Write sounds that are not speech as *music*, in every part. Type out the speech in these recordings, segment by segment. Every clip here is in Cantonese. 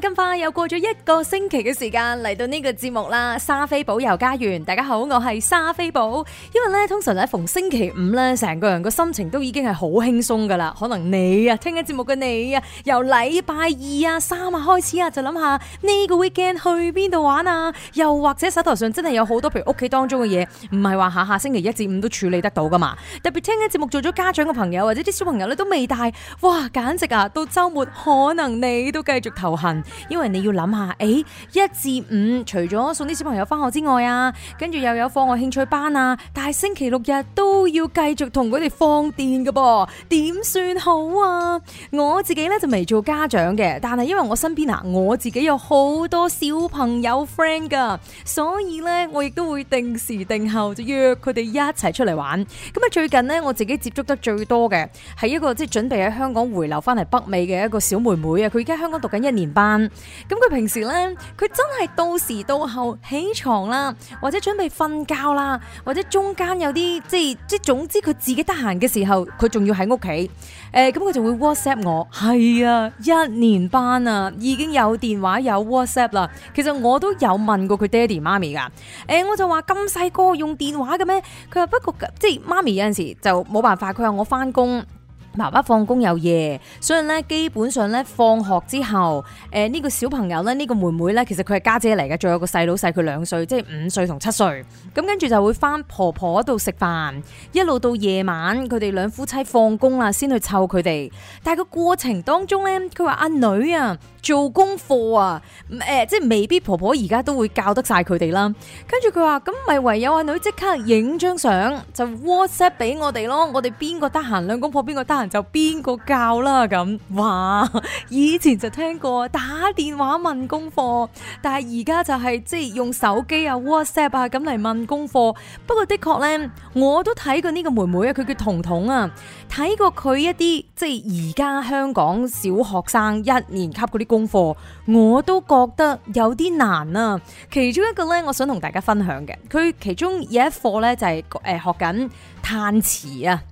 咁快又過咗一個星期嘅時間嚟到呢個節目啦，莎菲寶遊加園，大家好，我係莎菲寶。因為呢，通常逢星期五呢，成個人個心情都已經係好輕鬆噶啦。可能你啊，聽緊節目嘅你啊，由禮拜二啊、三啊開始啊，就諗下呢個 weekend 去邊度玩啊？又或者手頭上真係有好多，譬如屋企當中嘅嘢，唔係話下下星期一至五都處理得到噶嘛？特別聽緊節目做咗家長嘅朋友，或者啲小朋友咧都未大哇，簡直啊，到周末可能你都繼續頭痕。因為你要諗下，誒、欸，一至五除咗送啲小朋友翻學之外啊，跟住又有課外興趣班啊，但係星期六日都要繼續同佢哋放電噶噃，點算好啊？我自己咧就未做家長嘅，但係因為我身邊啊，我自己有好多小朋友 friend 噶，所以咧我亦都會定時定候就約佢哋一齊出嚟玩。咁啊，最近呢，我自己接觸得最多嘅係一個即係準備喺香港回流翻嚟北美嘅一個小妹妹啊，佢而家香港讀緊一年班。咁佢平時咧，佢真係到時到後起床啦，或者準備瞓覺啦，或者中間有啲即係即係，總之佢自己得閒嘅時候，佢仲要喺屋企。誒，咁佢就會 WhatsApp 我。係啊，一年班啊，已經有電話有 WhatsApp 啦。其實我都有問過佢爹哋媽咪噶。誒，我就話咁細個用電話嘅咩？佢話不過即係媽咪有陣時就冇辦法，佢話我翻工。爸爸放工又夜，所以咧基本上咧放學之後，誒、呃、呢、呢個小朋友咧呢、呢個妹妹咧，其實佢係家姐嚟嘅，仲有個細佬細佢兩歲，即係五歲同七歲，咁跟住就會翻婆婆度食飯，一路到夜晚佢哋兩夫妻放工啦，先去湊佢哋。但係個過程當中咧，佢話阿女啊做功課啊，誒、呃、即係未必婆婆而家都會教得晒佢哋啦。跟住佢話咁咪唯有阿女即刻影張相就 WhatsApp 俾我哋咯，我哋邊個得閒兩公婆邊個得。就邊個教啦咁？哇！以前就聽過打電話問功課，但係而家就係即係用手機啊、WhatsApp 啊咁嚟問功課。不過的確呢，我都睇過呢個妹妹啊，佢叫彤彤啊，睇過佢一啲即係而家香港小學生一年級嗰啲功課，我都覺得有啲難啊。其中一個呢，我想同大家分享嘅，佢其中有一課呢，就係誒學緊嘆詞啊。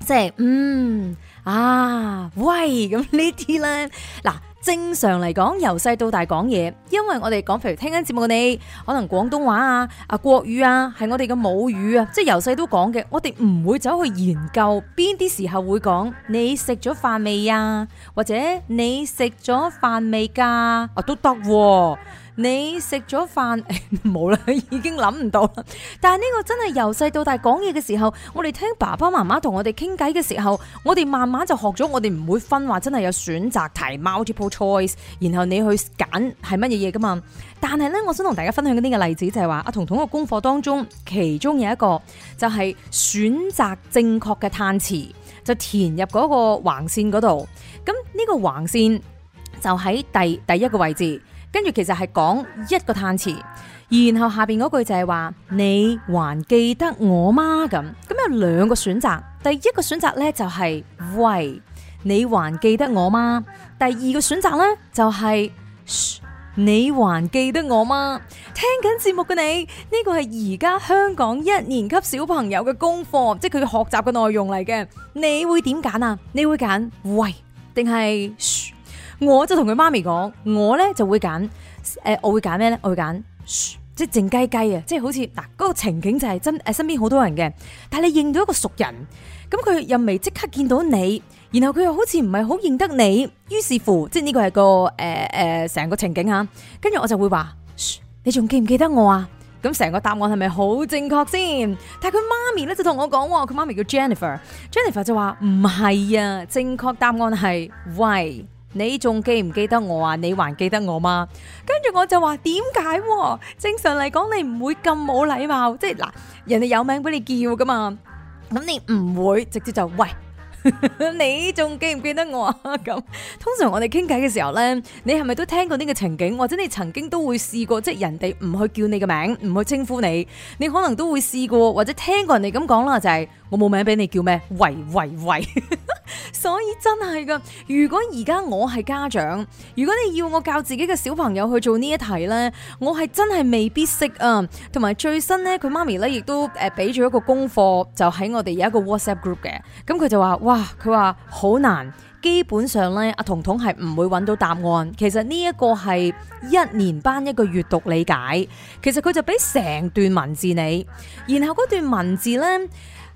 即係嗯啊喂咁呢啲咧嗱，正常嚟講由細到大講嘢，因為我哋講譬如聽緊節目嘅你可能廣東話啊、啊國語啊係我哋嘅母語啊，即係由細都講嘅，我哋唔會走去研究邊啲時候會講你食咗飯未啊，或者你食咗飯未噶，哦、啊、都得喎啊。你食咗飯，冇啦，已經諗唔到啦。但係呢個真係由細到大講嘢嘅時候，我哋聽爸爸媽媽同我哋傾偈嘅時候，我哋慢慢就學咗，我哋唔會分話真係有選擇題 （multiple choice），然後你去揀係乜嘢嘢噶嘛？但係呢，我想同大家分享呢個例子，就係話阿彤彤嘅功課當中，其中有一個就係選擇正確嘅嘆詞，就填入嗰個橫線嗰度。咁呢個橫線就喺第第一個位置。跟住其實係講一個嘆詞，然後下邊嗰句就係話你還記得我嗎？咁咁有兩個選擇，第一個選擇呢、就係，就係喂，你還記得我嗎？第二個選擇呢、就係，就係噓，你還記得我嗎？聽緊節目嘅你呢、呢個係而家香港一年級小朋友嘅功課，即係佢學習嘅內容嚟嘅。你會點揀啊？你會揀喂定係噓？我就同佢媽咪講，我咧就會揀，誒、呃，我會揀咩咧？我會揀，噓，即係靜雞雞啊！即係好似嗱，嗰、那個情景就係真誒，身邊好多人嘅，但係你認到一個熟人，咁佢又未即刻見到你，然後佢又好似唔係好認得你，於是乎，即係呢個係個誒誒成個情景吓。跟住我就會話，噓，你仲記唔記得我啊？咁成個答案係咪好正確先？但係佢媽咪咧就同我講，佢媽咪叫 Jennifer，Jennifer Jennifer 就話唔係啊，正確答案係喂。喂你仲記唔記得我啊？你還記得我嗎？跟住我就話點解？正常嚟講你唔會咁冇禮貌，即係嗱，人哋有名俾你叫噶嘛，咁你唔會直接就喂 *laughs* 你仲記唔記得我啊？咁通常我哋傾偈嘅時候呢，你係咪都聽過呢個情景，或者你曾經都會試過，即係人哋唔去叫你嘅名，唔去稱呼你，你可能都會試過，或者聽過人哋咁講啦，就係。我冇名俾你叫咩？喂喂喂！喂 *laughs* 所以真係噶。如果而家我係家長，如果你要我教自己嘅小朋友去做呢一題呢，我係真係未必識啊。同埋最新呢，佢媽咪呢亦都誒俾咗一個功課，就喺我哋有一個 WhatsApp group 嘅。咁佢就話：哇！佢話好難，基本上呢，阿彤彤係唔會揾到答案。其實呢一個係一年班一個閱讀理解，其實佢就俾成段文字你，然後嗰段文字呢。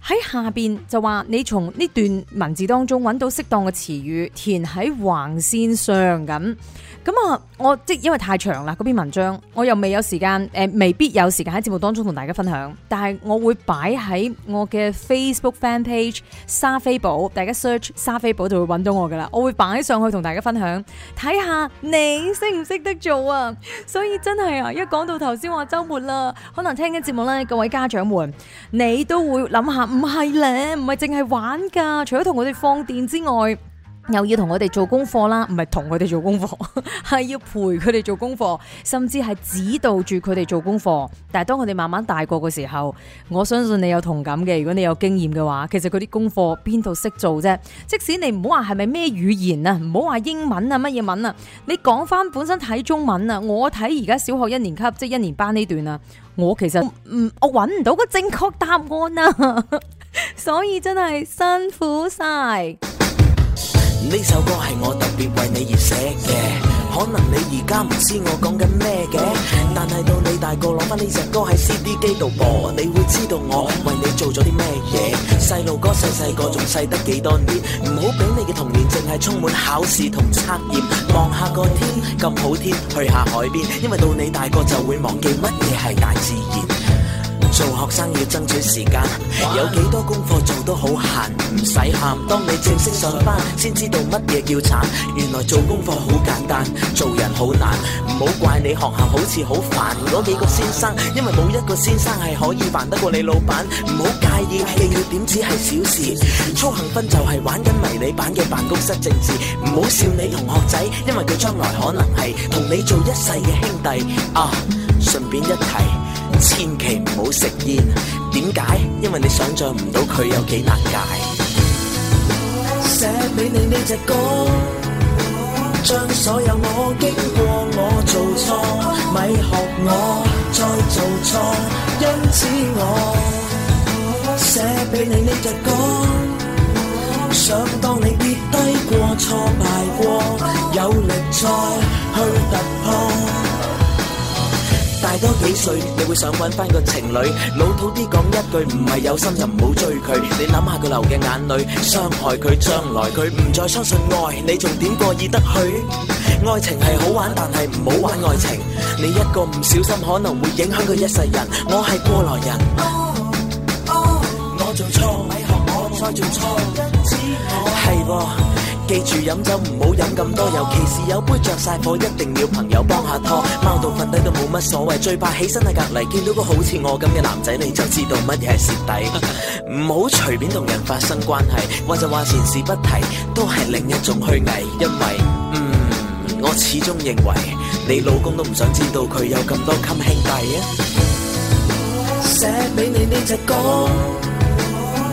喺下邊就話你從呢段文字當中揾到適當嘅詞語填喺橫線上咁。咁啊，我即因為太長啦，嗰篇文章我又未有時間，誒，未必有時間喺節目當中同大家分享。但係我會擺喺我嘅 Facebook fan page 莎菲寶，大家 search 莎菲寶就會揾到我噶啦。我會擺上去同大家分享，睇下你識唔識得做啊？所以真係啊，一講到頭先話週末啦，可能聽緊節目呢，各位家長們，你都會諗下，唔係咧，唔係淨係玩噶，除咗同我哋放電之外。又要同我哋做功課啦，唔係同佢哋做功課，係要陪佢哋做功課，甚至係指導住佢哋做功課。但係當佢哋慢慢大個嘅時候，我相信你有同感嘅。如果你有經驗嘅話，其實嗰啲功課邊度識做啫？即使你唔好話係咪咩語言啊，唔好話英文啊，乜嘢文啊，你講翻本身睇中文啊，我睇而家小學一年級即一年班呢段啊，我其實唔、嗯、我揾唔到個正確答案啊， *laughs* 所以真係辛苦晒。呢首歌係我特別為你而寫嘅，可能你而家唔知我講緊咩嘅，但係到你大個攞翻呢隻歌喺 CD 機度播，你會知道我為你做咗啲咩嘢。細路哥細細個仲細得幾多年，唔好俾你嘅童年淨係充滿考試同測驗。望下個天咁好天，去下海邊，因為到你大個就會忘記乜嘢係大自然。做學生要爭取時間，有幾多功課做都好閒，唔使喊。當你正式上班，先知道乜嘢叫慘。原來做功課好簡單，做人好難。唔好怪你學校好似好煩，嗰幾個先生，因為冇一個先生係可以煩得過你老闆。唔好介意，微要點只係小事。操行分就係玩緊迷你版嘅辦公室政治。唔好笑你同學仔，因為佢將來可能係同你做一世嘅兄弟。啊，順便一提。千祈唔好食煙，點解？因為你想象唔到佢有幾難戒。寫俾你呢隻歌，將所有我經過我做錯，咪學我再做錯，因此我，寫俾你呢隻歌，想當你跌低過，挫敗過，有力再去突破。多幾歲，你會想揾翻個情侶？老土啲講一句，唔係有心就唔好追佢。你諗下佢流嘅眼淚，傷害佢，將來佢唔再相信愛。你仲點過意得去？愛情係好玩，但係唔好玩愛情。你一個唔小心，可能會影響佢一世人。我係過來人，我做錯，咪學我再做錯，因此我係噃。記住飲酒唔好飲咁多，尤其是有杯着晒火，一定要朋友幫下拖。貓到瞓低都冇乜所謂，最怕起身喺隔離見到個好似我咁嘅男仔，你就知道乜嘢係蝕底。唔好隨便同人發生關係，或就話前事不提，都係另一種虛偽。因為，嗯，我始終認為你老公都唔想知道佢有咁多襟 *laughs* 兄弟啊。寫俾你呢隻歌。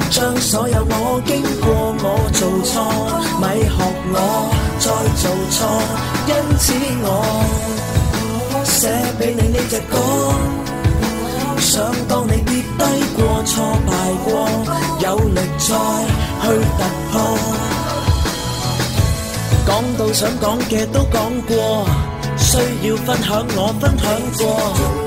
將所有我經過，我做錯，咪學我再做錯。因此我寫俾你呢隻歌，想當你跌低過、挫敗過，有力再去突破。講到想講嘅都講過，需要分享我分享過。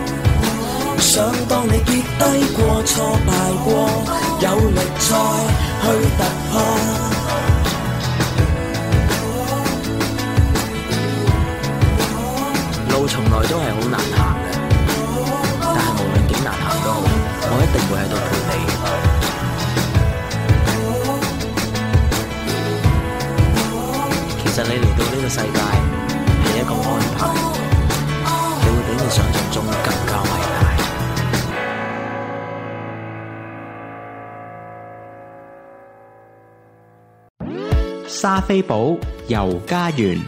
想當你跌低過，挫敗過，有力再去突破。路從來都係好難行嘅，但係無論幾難行都好，我一定會喺度陪你。其實你嚟到呢個世界係一個安排，你會比你想像中更加偉大。莎菲寶遊加園，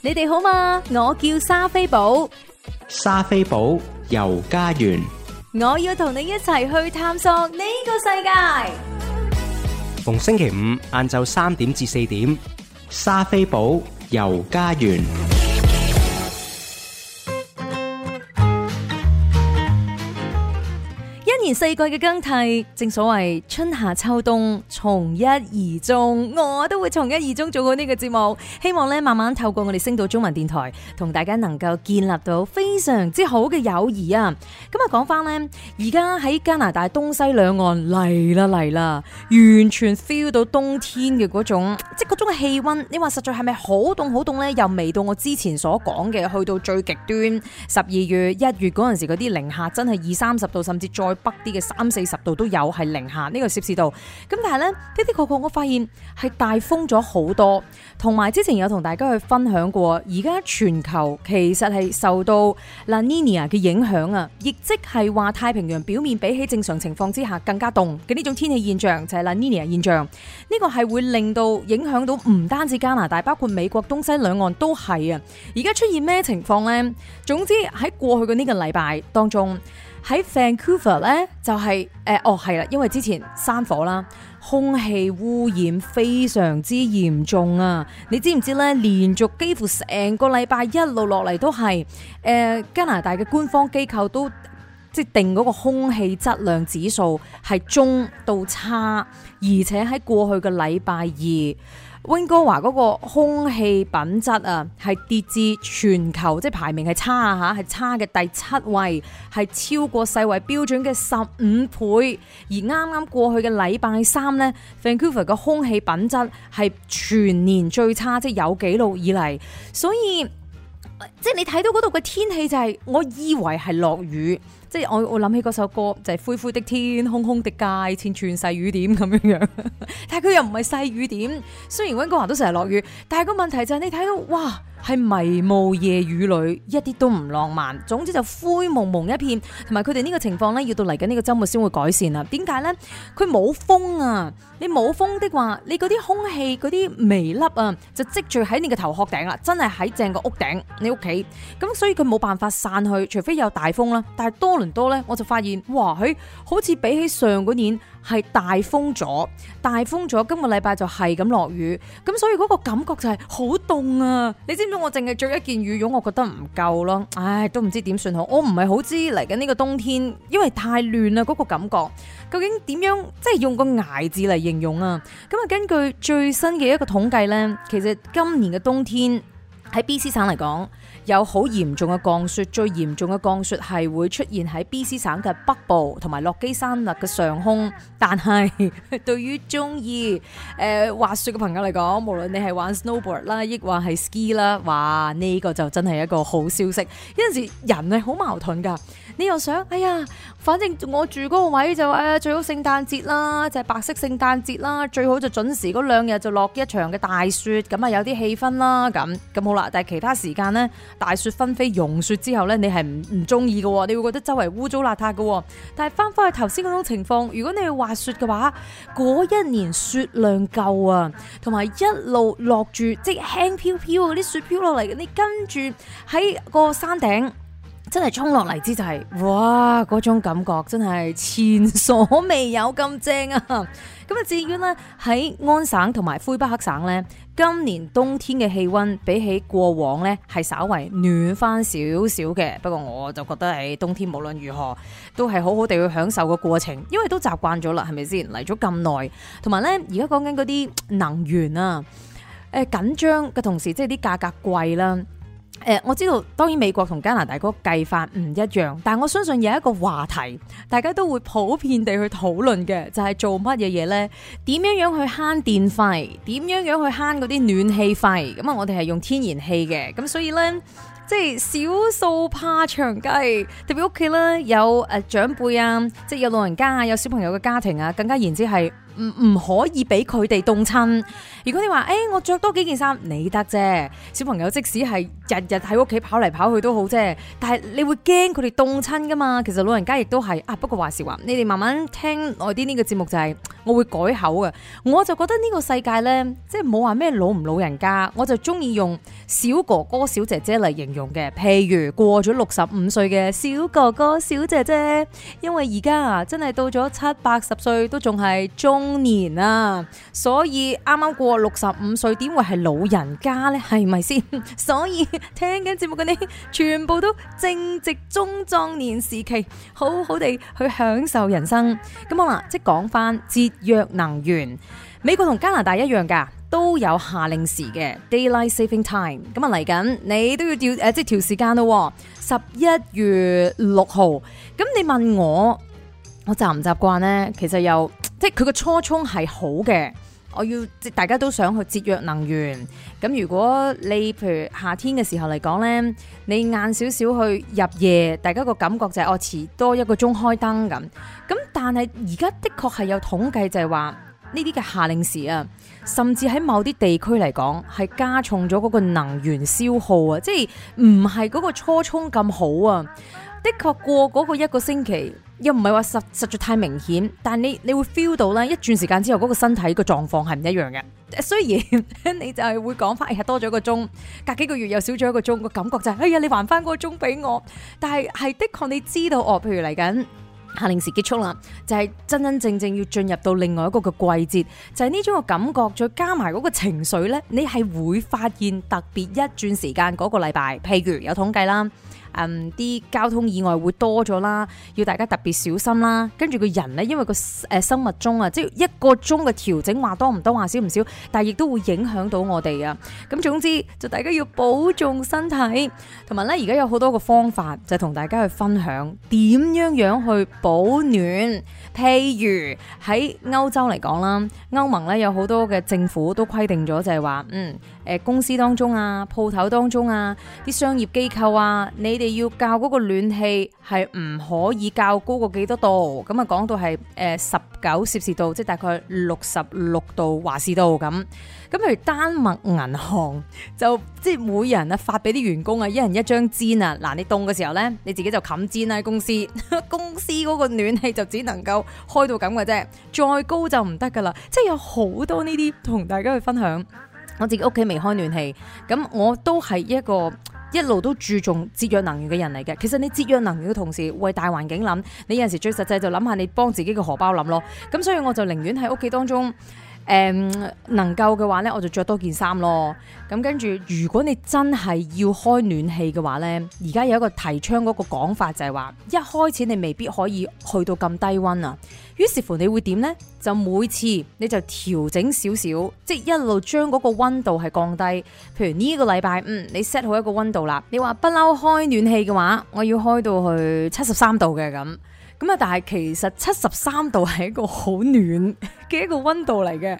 你哋好嘛？我叫莎菲寶，莎菲寶遊加園，我要同你一齊去探索呢個世界。逢星期五晏晝三點至四點，莎菲寶遊加園。四季嘅更替，正所謂春夏秋冬從一而終，我都會從一而終做好呢個節目。希望咧慢慢透過我哋星島中文電台，同大家能夠建立到非常之好嘅友誼啊！咁啊，講翻呢，而家喺加拿大東西兩岸嚟啦，嚟啦，完全 feel 到冬天嘅嗰種，即係嗰種嘅氣溫。你話實在係咪好凍好凍呢？又未到我之前所講嘅去到最極端，十二月一月嗰陣時嗰啲零下真係二三十度，甚至再北。啲嘅三四十度都有，係零下呢個攝氏度。咁但係呢，的的確確我發現係大風咗好多，同埋之前有同大家去分享過，而家全球其實係受到 La Nina 嘅影響啊，亦即係話太平洋表面比起正常情況之下更加凍嘅呢種天氣現象，就係 La Nina 現象。呢個係會令到影響到唔單止加拿大，包括美國東西兩岸都係啊。而家出現咩情況呢？總之喺過去嘅呢個禮拜當中。喺 Vancouver 咧，ouver, 就係、是、誒，哦係啦，因為之前山火啦，空氣污染非常之嚴重啊！你知唔知咧？連續幾乎成個禮拜一路落嚟都係誒、呃，加拿大嘅官方機構都即係定嗰個空氣質量指數係中到差，而且喺過去嘅禮拜二。温哥華嗰個空氣品質啊，係跌至全球即係排名係差嚇，係差嘅第七位，係超過世衞標準嘅十五倍。而啱啱過去嘅禮拜三呢 Vancouver 嘅空氣品質係全年最差，即係有記錄以嚟。所以即係你睇到嗰度嘅天氣就係、係，我以為係落雨。即係我我諗起嗰首歌就係，灰灰的天空空的街，千串細雨點咁樣樣，但係佢又唔係細雨點。雖然温哥華都成日落雨，但係個問題就係你睇到哇。係迷霧夜雨裏，一啲都唔浪漫。總之就灰蒙蒙一片，同埋佢哋呢個情況呢，要到嚟緊呢個周末先會改善啦。點解呢？佢冇風啊！你冇風的話，你嗰啲空氣嗰啲微粒啊，就積聚喺你嘅頭殼頂啦，真係喺正個屋頂，你屋企。咁所以佢冇辦法散去，除非有大風啦。但係多倫多呢，我就發現，哇，佢好似比起上嗰年，係大風咗，大風咗，今個禮拜就係咁落雨，咁所以嗰個感覺就係好凍啊！你知唔知我淨係着一件羽絨，我覺得唔夠咯，唉，都唔知點算好。我唔係好知嚟緊呢個冬天，因為太亂啦，嗰個感覺究竟點樣？即係用個捱字嚟形容啊！咁啊，根據最新嘅一個統計呢，其實今年嘅冬天。喺 B.C 省嚟講，有好嚴重嘅降雪，最嚴重嘅降雪係會出現喺 B.C 省嘅北部同埋落基山脈嘅上空。但係對於鍾意誒滑雪嘅朋友嚟講，無論你係玩 snowboard 啦，亦或係 ski 啦，哇，呢個就真係一個好消息。有陣時人係好矛盾㗎。你又想，哎呀，反正我住嗰個位就誒、哎、最好聖誕節啦，就係、白色聖誕節啦，最好就準時嗰兩日就落一場嘅大雪，咁啊有啲氣氛啦，咁咁好啦。但係其他時間咧，大雪紛飛，融雪之後咧，你係唔唔中意嘅，你會覺得周圍污糟邋遢嘅。但係翻返去頭先嗰種情況，如果你去滑雪嘅話，嗰一年雪量夠啊，同埋一路落住即輕飄飄嗰啲雪飄落嚟，你跟住喺個山頂。真係衝落嚟，之就係，哇！嗰種感覺真係前所未有咁正啊！咁啊，至於呢，喺安省同埋魁北克省呢，今年冬天嘅氣溫比起過往呢，係稍為暖翻少少嘅。不過我就覺得係冬天無論如何都係好好地去享受個過程，因為都習慣咗啦，係咪先嚟咗咁耐？同埋呢，而家講緊嗰啲能源啊，誒緊張嘅同時，即係啲價格貴啦。誒、呃，我知道當然美國同加拿大嗰計法唔一樣，但係我相信有一個話題，大家都會普遍地去討論嘅，就係、是、做乜嘢嘢呢？點樣樣去慳電費？點樣樣去慳嗰啲暖氣費？咁啊，我哋係用天然氣嘅，咁所以呢，即係少數怕長計，特別屋企咧有誒長輩啊，即係有老人家啊，有小朋友嘅家庭啊，更加言之係。唔唔可以俾佢哋凍親。如果你話誒、欸、我着多幾件衫，你得啫。小朋友即使係日日喺屋企跑嚟跑去都好啫，但係你會驚佢哋凍親噶嘛？其實老人家亦都係啊，不過話時話，你哋慢慢聽耐啲呢個節目就係、是，我會改口嘅。我就覺得呢個世界呢，即係冇話咩老唔老人家，我就中意用小哥哥、小姐姐嚟形容嘅。譬如過咗六十五歲嘅小哥哥、小姐姐，因為而家啊真係到咗七八十歲都仲係中年啊，所以啱啱過六十五歲，點會係老人家呢？係咪先？所以聽緊節目嗰啲，全部都正值中壯年時期，好好地去享受人生。咁好啦，即係講翻節約能源。美國同加拿大一樣噶，都有夏令時嘅 Daylight Saving Time。咁啊嚟緊，你都要調誒，即係調時間咯。十一月六號，咁你問我，我習唔習慣呢？其實又～即係佢個初衷係好嘅，我要即，大家都想去節約能源。咁如果你譬如夏天嘅時候嚟講呢，你晏少少去入夜，大家個感覺就係我遲多一個鐘開燈咁。咁但係而家的確係有統計就係話呢啲嘅夏令時啊，甚至喺某啲地區嚟講係加重咗嗰個能源消耗啊，即係唔係嗰個初衷咁好啊。的確過嗰個一個星期。又唔係話實實在太明顯，但係你你會 feel 到啦。一轉時間之後嗰個身體個狀況係唔一樣嘅。雖然你就係會講翻，哎呀多咗一個鐘，隔幾個月又少咗一個鐘，個感覺就係，哎呀你還翻個鐘俾我。但係係的確你知道我，我譬如嚟緊夏令時結束啦，就係真真正正要進入到另外一個嘅季節，就係呢種感覺，再加埋嗰個情緒呢，你係會發現特別一轉時間嗰個禮拜，譬如有統計啦。嗯，啲交通意外會多咗啦，要大家特別小心啦。跟住個人呢，因為個誒生物鐘啊，即係一個鐘嘅調整，話多唔多，話少唔少，但係亦都會影響到我哋啊。咁總之，就大家要保重身體，同埋呢，而家有好多個方法，就同大家去分享點樣樣去保暖。譬如喺歐洲嚟講啦，歐盟呢有好多嘅政府都規定咗，就係話嗯。誒公司當中啊，鋪頭當中啊，啲商業機構啊，你哋要較嗰個暖氣係唔可以較高過幾多度？咁啊講到係誒十九攝氏度，即係大概六十六度華氏度咁。咁譬如丹麥銀行就即係每人啊發俾啲員工啊一人一張氈啊，嗱，你凍嘅時候呢，你自己就冚氈啦。公司，公司嗰個暖氣就只能夠開到咁嘅啫，再高就唔得噶啦。即係有好多呢啲同大家去分享。我自己屋企未開暖氣，咁我都係一個一路都注重節約能源嘅人嚟嘅。其實你節約能源嘅同時，為大環境諗，你有陣時最實際就諗下你幫自己嘅荷包諗咯。咁所以我就寧願喺屋企當中。誒、嗯、能夠嘅話呢，我就着多件衫咯。咁跟住，如果你真係要開暖氣嘅話呢，而家有一個提倡嗰個講法就係話，一開始你未必可以去到咁低溫啊。於是乎，你會點呢？就每次你就調整少少，即、就、係、是、一路將嗰個溫度係降低。譬如呢個禮拜，嗯，你 set 好一個溫度啦。你話不嬲開暖氣嘅話，我要開到去七十三度嘅咁。咁啊！但係其實七十三度係一個好暖嘅一個溫度嚟嘅。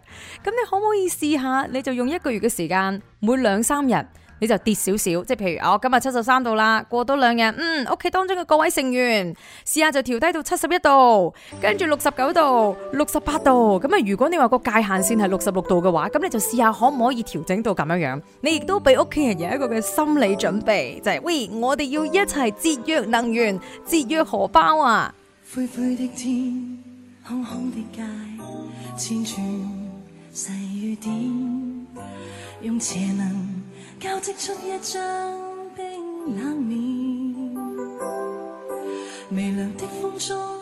咁你可唔可以試下？你就用一個月嘅時間，每兩三日你就跌少少。即係譬如我、哦、今日七十三度啦，過多兩日，嗯，屋企當中嘅各位成員試下就調低到七十一度，跟住六十九度、六十八度。咁啊，如果你話個界限線係六十六度嘅話，咁你就試下可唔可以調整到咁樣樣？你亦都俾屋企人有一個嘅心理準備，就係、是、喂，我哋要一齊節約能源、節約荷包啊！灰灰的天，空空的街，千串細雨點，用邪能交織出一張冰冷面。微涼的風中，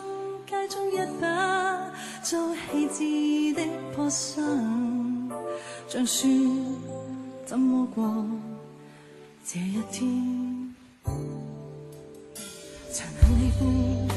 街中一把遭棄置的破傘，像說怎麼過這一天。曾很喜歡。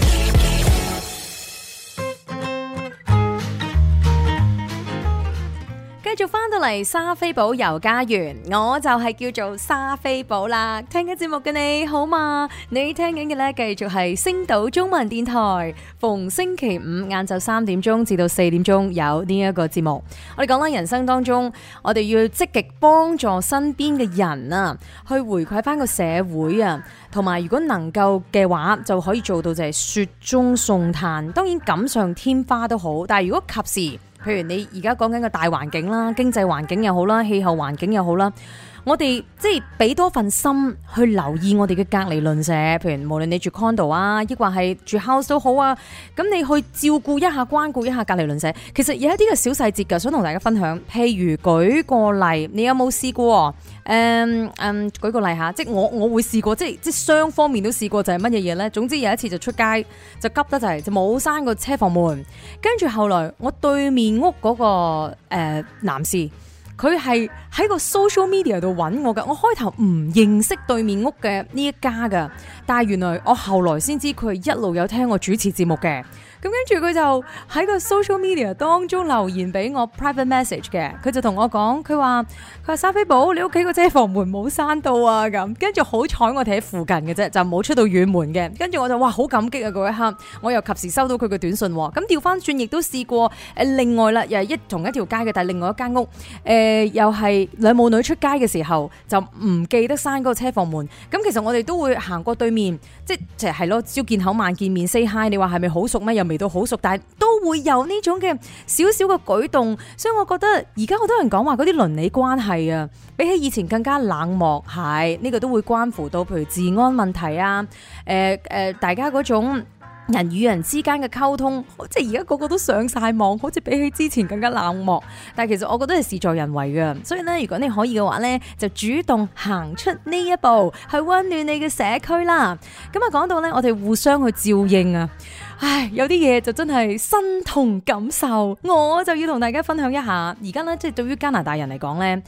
嚟莎菲寶遊加園，我就係叫做莎菲寶啦。聽緊節目嘅你好嘛？你聽緊嘅咧，繼續係星島中文電台。逢星期五晏晝三點鐘至到四點鐘有呢一個節目。我哋講啦，人生當中，我哋要積極幫助身邊嘅人啊，去回饋翻個社會啊。同埋，如果能夠嘅話，就可以做到就係雪中送炭。當然錦上添花都好，但係如果及時。譬如你而家講緊個大環境啦，經濟環境又好啦，氣候環境又好啦。我哋即係俾多份心去留意我哋嘅隔離鄰舍，譬如無論你住 condo 啊，抑或係住 house 都好啊，咁你去照顧一下、關顧一下隔離鄰舍，其實有一啲嘅小細節㗎，想同大家分享。譬如舉個例，你有冇試過？誒嗯，嗯舉個例下，即係我我會試過，即係即雙方面都試過，就係乜嘢嘢咧？總之有一次就出街就急得就係就冇閂個車房門，跟住後來我對面屋嗰個，呃，男士。佢係喺個 social media 度揾我嘅，我開頭唔認識對面屋嘅呢一家嘅，但係原來我後來先知佢係一路有聽我主持節目嘅。咁跟住佢就喺個 social media 當中留言俾我 private message 嘅，佢就同我講，佢話佢話莎菲寶，你屋企個車房門冇閂到啊，咁，跟住好彩我哋喺附近嘅啫，就冇出到遠門嘅，跟住我就哇好感激啊嗰一刻，我又及時收到佢嘅短信喎、啊，咁調翻轉亦都試過、呃，另外啦，又係一同一條街嘅，但係另外一間屋，呃、又係兩母女出街嘅時候就唔記得閂個車房門，咁其實我哋都會行過對面，即係係咯，朝見口慢，晚見面，say hi，你話係咪好熟咩？又未到好熟，但係都會有呢種嘅少少嘅舉動，所以我覺得而家好多人講話嗰啲鄰里關係啊，比起以前更加冷漠，係呢個，都會關乎到譬如治安問題啊，誒、呃、誒、呃，大家嗰種人與人之間嘅溝通，即係而家個個都上晒網，好似比起之前更加冷漠。但係其實我覺得係事在人為嘅，所以咧，如果你可以嘅話咧，就主動行出呢一步去溫暖你嘅社區啦。咁啊，講到咧，我哋互相去照應啊。唉，有啲嘢就真係身同感受，我就要同大家分享一下。而家咧，即係對於加拿大人嚟講咧。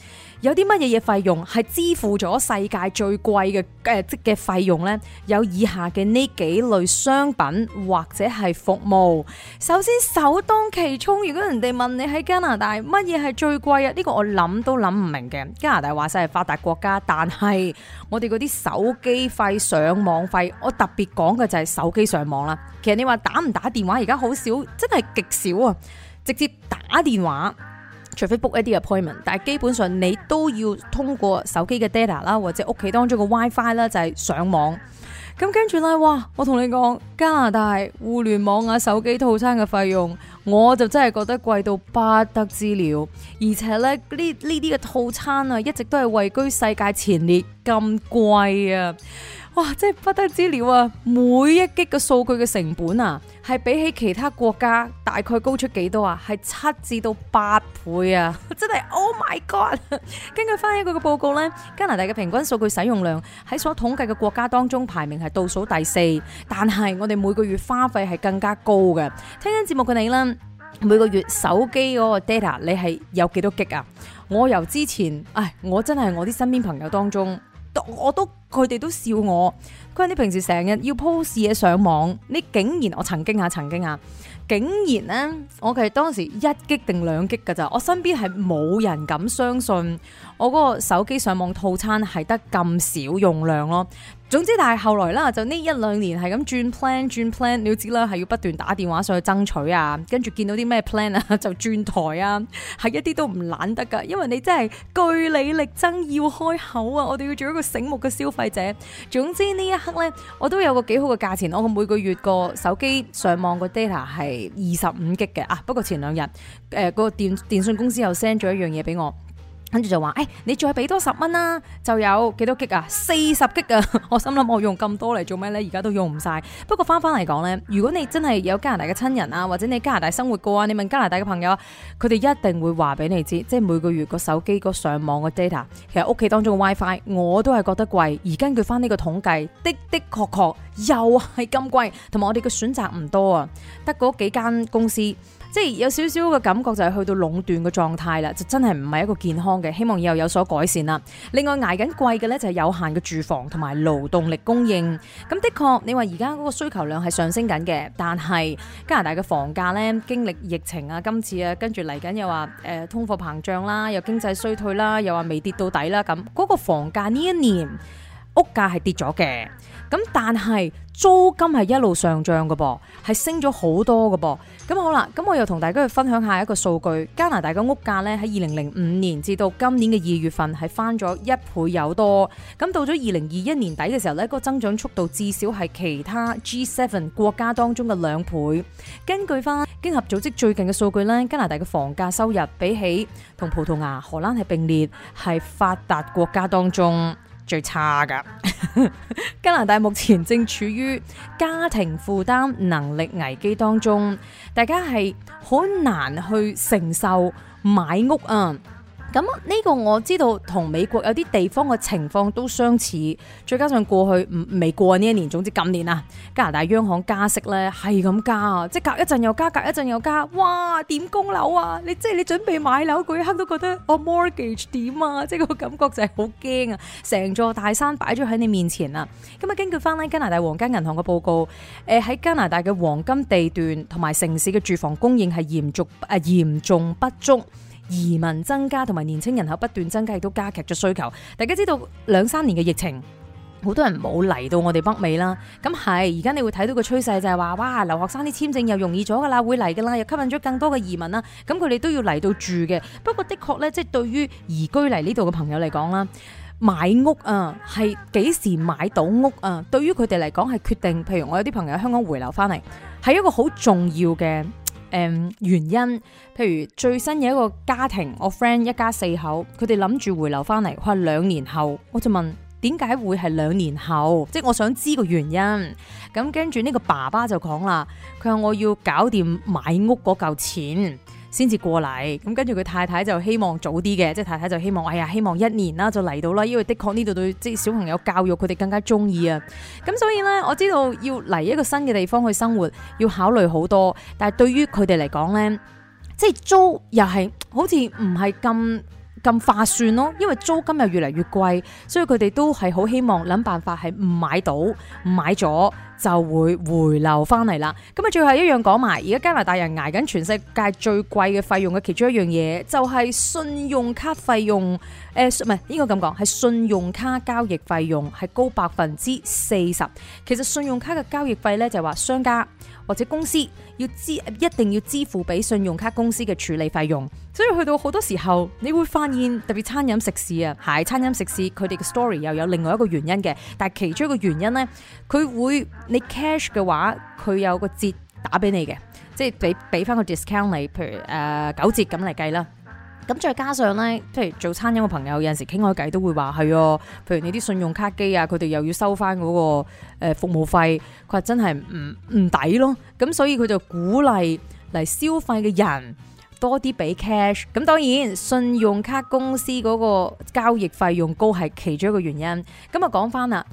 有啲乜嘢嘢費用係支付咗世界最貴嘅誒即嘅費用呢？有以下嘅呢幾類商品或者係服務。首先首當其衝，如果人哋問你喺加拿大乜嘢係最貴啊？呢個我諗都諗唔明嘅。加拿大話曬係發達國家，但係我哋嗰啲手機費、上網費，我特別講嘅就係手機上網啦。其實你話打唔打電話，而家好少，真係極少啊！直接打電話。除非 book 一啲 appointment，但係基本上你都要通過手機嘅 data 啦，或者屋企當中嘅 WiFi 啦，就係上網。咁跟住呢，哇！我同你講加拿大互聯網啊，手機套餐嘅費用，我就真係覺得貴到不得之了，而且呢呢啲嘅套餐啊，一直都係位居世界前列，咁貴啊！哇！真係不得之了啊！每一擊嘅數據嘅成本啊，係比起其他國家大概高出幾多啊？係七至到八倍啊！真係 Oh my God！根據翻一個報告呢，加拿大嘅平均數據使用量喺所統計嘅國家當中排名係倒數第四，但係我哋每個月花費係更加高嘅。聽緊節目嘅你啦，每個月手機嗰個 data 你係有幾多擊啊？我由之前，唉，我真係我啲身邊朋友當中。我都佢哋都笑我，佢話你平時成日要 post 嘢上網，你竟然，我曾經啊曾經啊，竟然咧，我其實當時一 GB 定兩 GB 嘅咋，我身邊係冇人敢相信我嗰個手機上網套餐係得咁少用量咯。總之，但係後來啦，就呢一兩年係咁轉 plan 轉 plan，你要知啦，係要不斷打電話上去爭取啊，跟住見到啲咩 plan 啊，就轉台啊，係一啲都唔懶得噶，因為你真係據理力爭要開口啊！我哋要做一個醒目嘅消費者。總之呢一刻呢，我都有個幾好嘅價錢，我每個月個手機上網個 data 係二十五 G 嘅啊。不過前兩日，誒、呃，那個電電信公司又 send 咗一樣嘢俾我。跟住就話，誒、哎，你再俾多十蚊啦，就有幾多 gig 啊？四十 gig 啊！ *laughs* 我心諗我用咁多嚟做咩呢？而家都用唔晒。不過翻翻嚟講呢，如果你真係有加拿大嘅親人啊，或者你加拿大生活過啊，你問加拿大嘅朋友，佢哋一定會話俾你知，即係每個月個手機個上網個 data，其實屋企當中嘅 WiFi，我都係覺得貴。而根據翻呢個統計，的的確確又係咁貴，同埋我哋嘅選擇唔多啊，得嗰幾間公司。即係有少少嘅感覺，就係去到壟斷嘅狀態啦，就真係唔係一個健康嘅，希望以後有所改善啦。另外捱緊貴嘅呢，就係有限嘅住房同埋勞動力供應。咁的確，你話而家嗰個需求量係上升緊嘅，但係加拿大嘅房價呢，經歷疫情啊，今次啊，跟住嚟緊又話誒、呃、通貨膨脹啦，又經濟衰退啦，又話未跌到底啦，咁、那、嗰個房價呢一年。屋價係跌咗嘅，咁但係租金係一路上漲㗎噃，係升咗好多㗎噃。咁好啦，咁我又同大家去分享下一個數據。加拿大嘅屋價呢，喺二零零五年至到今年嘅二月份係翻咗一倍有多。咁到咗二零二一年底嘅時候呢，個增長速度至少係其他 G7 國家當中嘅兩倍。根據翻經合組織最近嘅數據呢，加拿大嘅房價收入比起同葡萄牙、荷蘭係並列，係發達國家當中最差㗎， *laughs* 加拿大目前正處於家庭負擔能力危機當中，大家係好難去承受買屋啊。咁呢個我知道同美國有啲地方嘅情況都相似，再加上過去未過呢一年，總之今年啊，加拿大央行加息咧係咁加啊，即係隔一陣又加，隔一陣又加，哇！點供樓啊？你即係你準備買樓嗰一刻都覺得我、哦、mortgage 點啊？即係個感覺就係好驚啊！成座大山擺咗喺你面前啊！咁啊，根據翻，呢加拿大皇家銀行嘅報告，誒喺加拿大嘅黃金地段同埋城市嘅住房供應係嚴重誒、啊、嚴重不足。移民增加同埋年輕人口不斷增加，亦都加劇咗需求。大家知道兩三年嘅疫情，好多人冇嚟到我哋北美啦。咁係而家你會睇到個趨勢就係話，哇，留學生啲簽證又容易咗噶啦，會嚟噶啦，又吸引咗更多嘅移民啦。咁佢哋都要嚟到住嘅。不過的確呢，即係對於移居嚟呢度嘅朋友嚟講啦，買屋啊，係幾時買到屋啊？對於佢哋嚟講係決定。譬如我有啲朋友在香港回流翻嚟，係一個好重要嘅。誒、嗯、原因，譬如最新有一個家庭，我 friend 一家四口，佢哋諗住回流翻嚟，佢話兩年後，我就問點解會係兩年後，即係我想知個原因。咁跟住呢個爸爸就講啦，佢話我要搞掂買屋嗰嚿錢。先至過嚟，咁跟住佢太太就希望早啲嘅，即係太太就希望，哎呀，希望一年啦就嚟到啦，因為的確呢度對即係小朋友教育佢哋更加中意啊。咁所以呢，我知道要嚟一個新嘅地方去生活，要考慮好多。但係對於佢哋嚟講呢，即係租又係好似唔係咁咁劃算咯，因為租金又越嚟越貴，所以佢哋都係好希望諗辦法係唔買到，唔買咗。就會回流翻嚟啦。咁啊，最後一樣講埋，而家加拿大人捱緊全世界最貴嘅費用嘅其中一樣嘢，就係、是、信用卡費用。誒、呃，唔係應該咁講，係信用卡交易費用係高百分之四十。其實信用卡嘅交易費咧，就係話商家或者公司要支，一定要支付俾信用卡公司嘅處理費用。所以去到好多時候，你會發現特別餐飲食肆啊，係餐飲食肆佢哋嘅 story 又有另外一個原因嘅。但係其中一個原因呢，佢會。你 cash 嘅話，佢有個折打俾你嘅，即係俾俾翻個 discount 你，譬如誒、呃、九折咁嚟計啦。咁再加上咧，即係做餐飲嘅朋友有陣時傾開偈都會話係喎。譬如你啲信用卡機啊，佢哋又要收翻嗰個誒服務費，佢話真係唔唔抵咯。咁所以佢就鼓勵嚟消費嘅人多啲俾 cash。咁當然信用卡公司嗰個交易費用高係其中一個原因。咁啊講翻啦。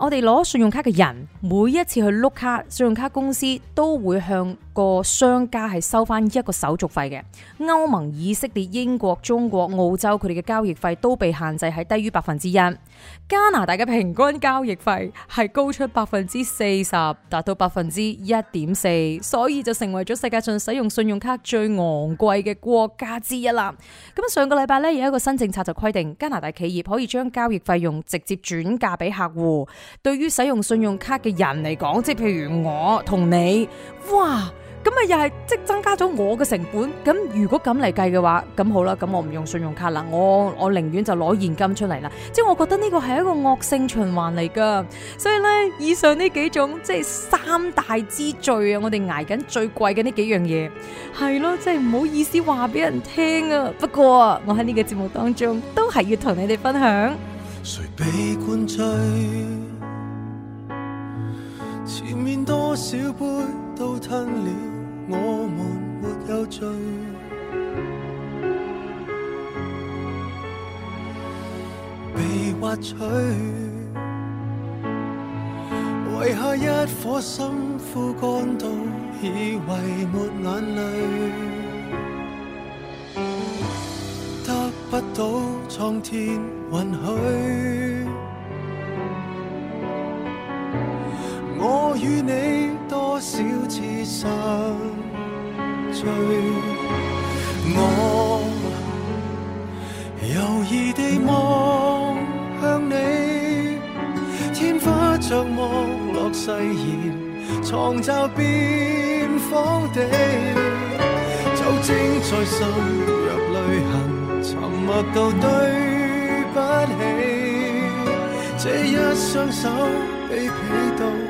我哋攞信用卡嘅人，每一次去碌卡，信用卡公司都會向個商家係收翻一個手續費嘅，歐盟、以色列、英國、中國、澳洲佢哋嘅交易費都被限制喺低於百分之一，加拿大嘅平均交易費係高出百分之四十，達到百分之一點四，所以就成為咗世界上使用信用卡最昂貴嘅國家之一啦。咁上個禮拜咧有一個新政策就規定加拿大企業可以將交易費用直接轉嫁俾客戶。對於使用信用卡嘅人嚟講，即係譬如我同你，哇！咁咪又係即增加咗我嘅成本，咁如果咁嚟計嘅話，咁好啦，咁我唔用信用卡啦，我我寧願就攞現金出嚟啦，即係我覺得呢個係一個惡性循環嚟噶，所以呢，以上呢幾種即係三大之最啊，我哋挨緊最貴嘅呢幾樣嘢，係咯，即係唔好意思話俾人聽啊，不過我喺呢個節目當中都係要同你哋分享。誰被灌醉前面多少杯都吞了，我們沒有醉，被挖取。遺下一顆心，枯乾到以為沒眼淚，得不到蒼天允許。與你多少次相聚，我猶疑地望向你，天花着剝落誓言，床罩變荒地，酒精再滲入淚痕，沉默到對不起，這一雙手卑鄙到。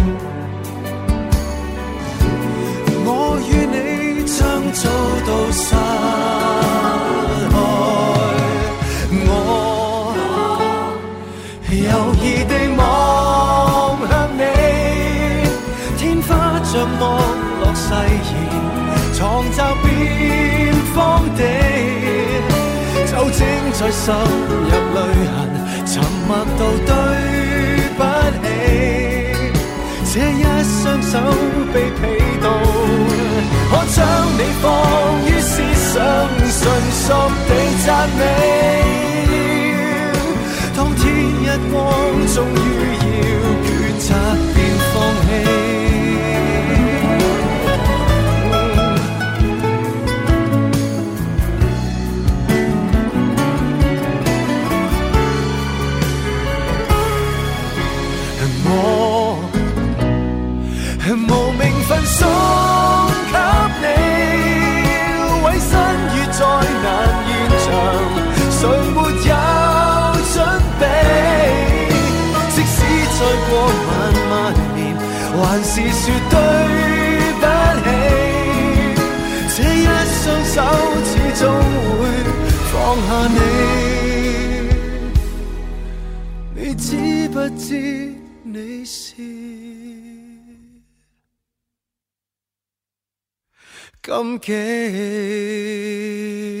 早都失去我猶疑地望向你，天花像剝落誓言，藏在變荒地，酒精在滲入淚痕，沉默到對不起，這一雙手卑鄙到。你，你知不知你是禁忌？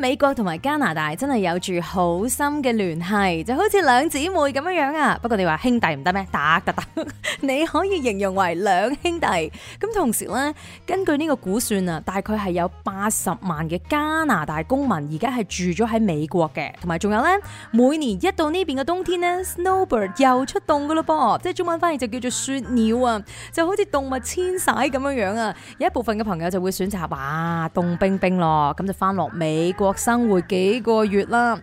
美國同埋加拿大真係有住好深嘅聯繫，就好似兩姊妹咁樣樣啊！不過你話兄弟唔得咩？得得得，你可以形容為兩兄弟。咁同時咧，根據呢個估算啊，大概係有八十萬嘅加拿大公民而家係住咗喺美國嘅，同埋仲有咧，每年一到呢邊嘅冬天呢 snowbird 又出動噶嘞噃，即係中文翻譯就叫做雪鳥啊，就好似動物遷徙咁樣樣啊！有一部分嘅朋友就會選擇哇，凍冰冰咯，咁就翻落美國。生活幾個月啦。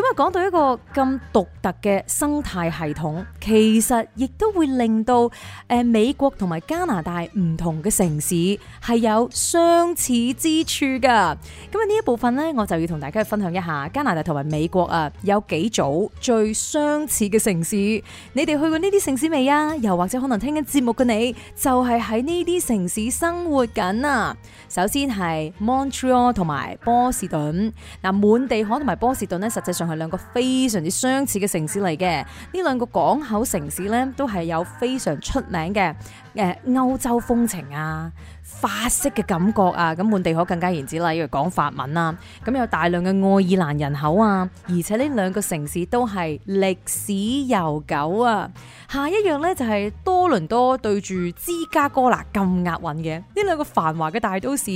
咁啊，講到一個咁獨特嘅生態系統，其實亦都會令到誒美國同埋加拿大唔同嘅城市係有相似之處，噶，咁啊，呢一部分咧，我就要同大家分享一下加拿大同埋美國啊，有幾組最相似嘅城市。你哋去過呢啲城市未啊？又或者可能聽緊節目嘅你，就係喺呢啲城市生活緊啊。首先係 Montreal 同埋波士頓，嗱，滿地可同埋波士頓咧，實際上。係兩個非常之相似嘅城市嚟嘅，呢兩個港口城市呢，都係有非常出名嘅誒歐洲風情啊，法式嘅感覺啊，咁滿地可更加言之，例如講法文啊。咁有大量嘅愛爾蘭人口啊，而且呢兩個城市都係歷史悠久啊。下一樣呢，就係多倫多對住芝加哥啦，咁押韻嘅，呢兩個繁華嘅大都市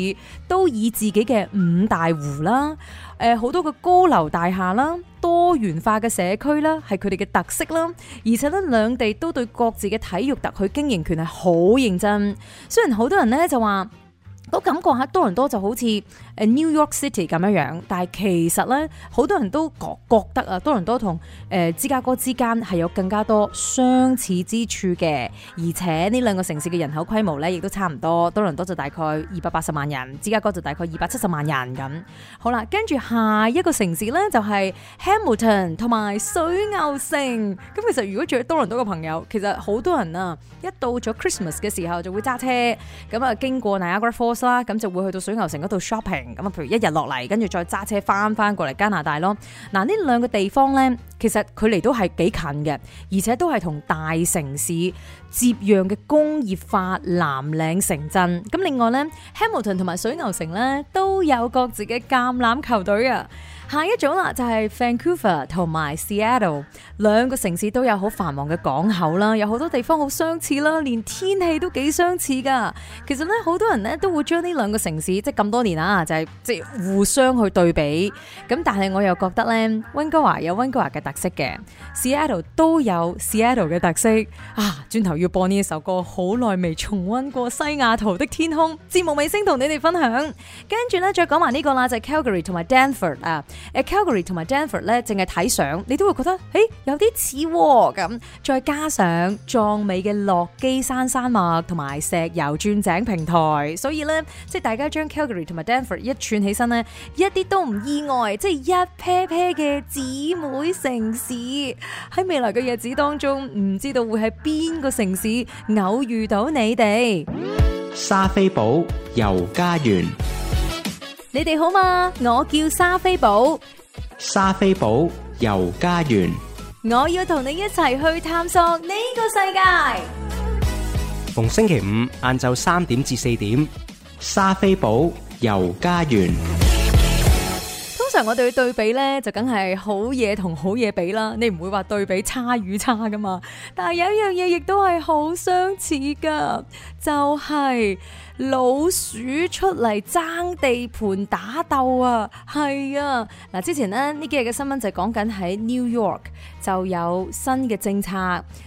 都以自己嘅五大湖啦。誒好多個高樓大廈啦，多元化嘅社區啦，係佢哋嘅特色啦，而且咧兩地都對各自嘅體育特許經營權係好認真。雖然好多人咧就話，個感覺喺多倫多就好似 New York City 咁樣樣，但係其實呢，好多人都覺覺得啊，多倫多同誒芝加哥之間係有更加多相似之處嘅，而且呢兩個城市嘅人口規模呢，亦都差唔多，多倫多就大概二百八十萬人，芝加哥就大概二百七十萬人咁。好啦，跟住下一個城市呢，就係 Hamilton 同埋水牛城。咁其實如果住喺多倫多嘅朋友，其實好多人啊，一到咗 Christmas 嘅時候就會揸車咁啊，經過 Niagara Falls 啦，咁就會去到水牛城嗰度 shopping。咁啊，譬如一日落嚟，跟住再揸車翻翻過嚟加拿大咯。嗱，呢兩個地方呢，其實距離都係幾近嘅，而且都係同大城市接壤嘅工業化藍領城鎮。咁另外呢，Hamilton 同埋水牛城呢，都有各自嘅橄欖球隊啊。下一組啦，就係 Vancouver 同埋 Seattle 兩個城市都有好繁忙嘅港口啦，有好多地方好相似啦，連天氣都幾相似噶。其實咧，好多人咧都會將呢兩個城市即係咁多年啊，就係即係互相去對比。咁但係我又覺得咧，温哥華有温哥華嘅特色嘅，Seattle 都有 Seattle 嘅特色啊。轉頭要播呢一首歌，好耐未重温過西雅圖的天空。節目尾聲同你哋分享，跟住咧再講埋呢個啦，就係 Calgary 同埋 Danford 啊，誒 Calgary 同埋 Denver 咧，淨係睇相，你都會覺得誒、欸、有啲似喎咁。再加上壯美嘅落基山山脈同埋石油鑽井平台，所以咧即係大家將 Calgary 同埋 Denver 一串起身咧，一啲都唔意外。即、就、係、是、一 pair pair 嘅姊妹城市，喺未來嘅日子當中，唔知道會喺邊個城市偶遇到你哋。莎菲寶遊加園。你哋好嗎？我叫莎菲寶，莎菲寶遊加園，我要同你一齊去探索呢個世界。逢星期五晏晝三點至四點，莎菲寶遊加園。通常我哋去對比呢，就梗係好嘢同好嘢比啦，你唔會話對比差與差噶嘛。但係有一樣嘢亦都係好相似噶，就係老鼠出嚟爭地盤打鬥啊，係啊嗱。之前呢幾日嘅新聞就講緊喺 New York 就有新嘅政策，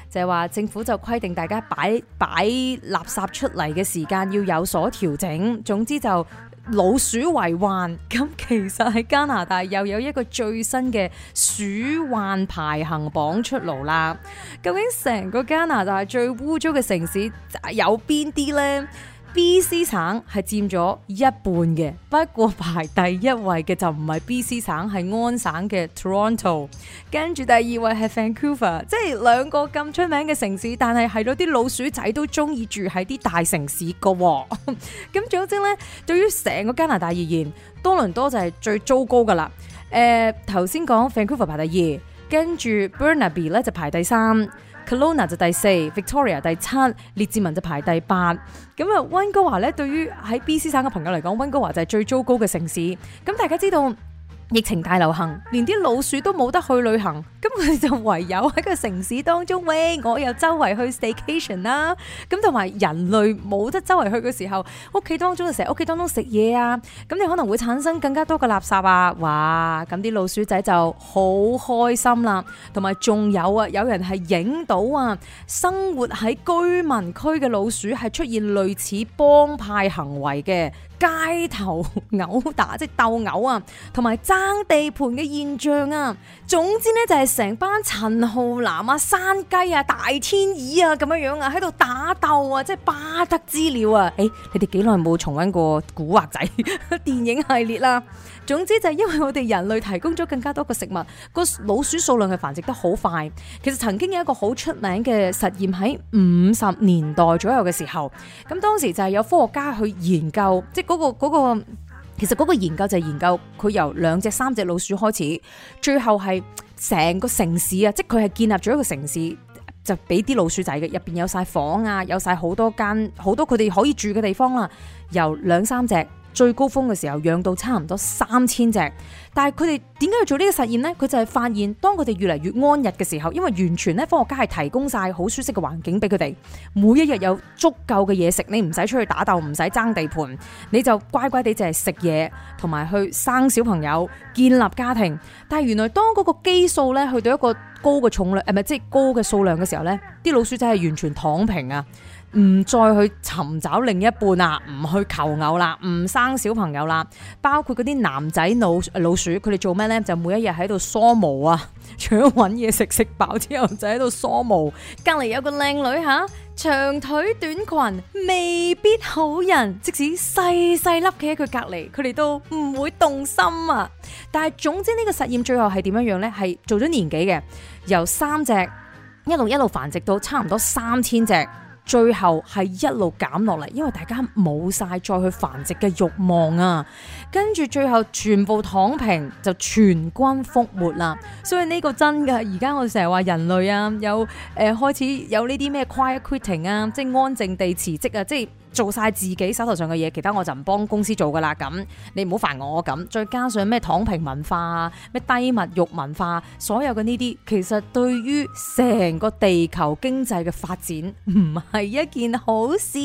就係話政府就規定大家擺擺垃圾出嚟嘅時間要有所調整。總之就。老鼠為患，咁其實喺加拿大又有一個最新嘅鼠患排行榜出爐啦。究竟成個加拿大最污糟嘅城市有邊啲呢？B.C. 省係佔咗一半嘅，不過排第一位嘅就唔係 B.C. 省，係安省嘅 Toronto，跟住第二位係 Vancouver，即係兩個咁出名嘅城市，但係係啲老鼠仔都中意住喺啲大城市噶、哦，咁總之呢，對於成個加拿大而言，多倫多就係最糟糕噶啦。誒、呃，頭先講 Vancouver 排第二，跟住 Burnaby 咧就排第三。Kelowna 就第四，Victoria 第七，列志文就排第八。咁啊，溫哥華呢，對於喺 BC 省嘅朋友嚟講，溫哥華就係最糟糕嘅城市。咁大家知道。疫情大流行，連啲老鼠都冇得去旅行，咁佢就唯有喺個城市當中，喂，我又周圍去 staycation 啦，啊。咁同埋人類冇得周圍去嘅時候，屋企當中就成日屋企當中食嘢啊。咁你可能會產生更加多嘅垃圾啊！哇，咁啲老鼠仔就好開心啦。同埋仲有啊，有人係影到啊，生活喺居民區嘅老鼠係出現類似幫派行為嘅。街頭毆打即係鬥毆啊，同埋爭地盤嘅現象啊，總之呢，就係成班陳浩南啊、山雞啊、大天耳啊咁樣樣啊，喺度打鬥啊，即係巴得資料啊！誒、欸，你哋幾耐冇重溫過《古惑仔》 *laughs* 電影系列啦、啊？總之就係因為我哋人類提供咗更加多嘅食物，個老鼠數量係繁殖得好快。其實曾經有一個好出名嘅實驗喺五十年代左右嘅時候，咁當時就係有科學家去研究，即嗰個、嗰個、其實嗰個研究就係研究佢由兩隻三隻老鼠開始，最後係成個城市啊！即係佢係建立咗一個城市，就俾啲老鼠仔嘅入邊有晒房啊，有晒好多間好多佢哋可以住嘅地方啦，由兩三隻。最高峰嘅時候養到差唔多三千隻，但係佢哋點解要做呢個實驗呢？佢就係發現當佢哋越嚟越安逸嘅時候，因為完全咧科學家係提供晒好舒適嘅環境俾佢哋，每一日有足夠嘅嘢食，你唔使出去打鬥，唔使爭地盤，你就乖乖地淨係食嘢同埋去生小朋友、建立家庭。但係原來當嗰個基數咧去到一個高嘅重量，誒唔係即係高嘅數量嘅時候，呢啲老鼠仔係完全躺平啊！唔再去尋找另一半啦，唔去求偶啦，唔生小朋友啦。包括嗰啲男仔老老鼠，佢哋做咩呢？就每一日喺度梳毛啊，除咗搵嘢食食飽之後，就喺度梳毛。隔離有個靚女吓，長腿短裙，未必好人。即使細細粒企喺佢隔離，佢哋都唔會動心啊。但係總之呢個實驗最後係點樣樣呢？係做咗年幾嘅，由三隻一路一路繁殖到差唔多三千隻。最後係一路減落嚟，因為大家冇晒再去繁殖嘅慾望啊！跟住最後全部躺平就全軍覆沒啦，所以呢個真㗎。而家我成日話人類啊，有誒、呃、開始有呢啲咩 quiet quitting 啊，即係安靜地辭職啊，即係做晒自己手頭上嘅嘢，其他我就唔幫公司做噶啦咁。你唔好煩我咁。再加上咩躺平文化啊，咩低物欲文化啊，所有嘅呢啲其實對於成個地球經濟嘅發展唔係一件好事。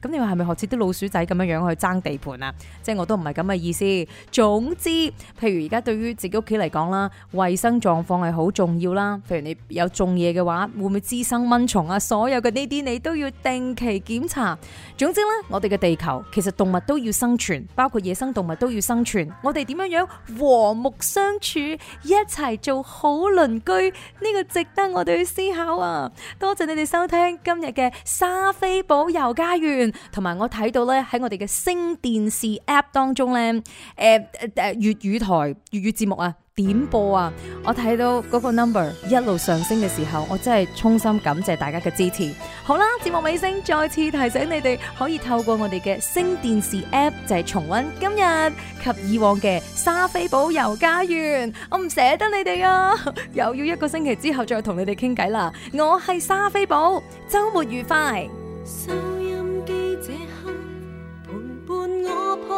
咁你話係咪學似啲老鼠仔咁樣樣去爭地盤啊？即係我都唔係。咁嘅意思，總之，譬如而家對於自己屋企嚟講啦，衛生狀況係好重要啦。譬如你有種嘢嘅話，會唔會滋生蚊蟲啊？所有嘅呢啲你都要定期檢查。總之咧，我哋嘅地球其實動物都要生存，包括野生動物都要生存。我哋點樣樣和睦相處，一齊做好鄰居？呢個值得我哋去思考啊！多謝你哋收聽今日嘅莎菲寶遊加園，同埋我睇到咧喺我哋嘅星電視 App 當中。咧，誒誒，粵語台粵語，語節目啊，點播啊，我睇到嗰個 number 一路上升嘅時候，我真係衷心感謝大家嘅支持。好啦，節目尾聲，再次提醒你哋可以透過我哋嘅星電視 app 就係重温今日及以往嘅莎菲寶遊加園。我唔捨得你哋啊， *laughs* 又要一個星期之後再同你哋傾偈啦。我係莎菲寶，周末愉快。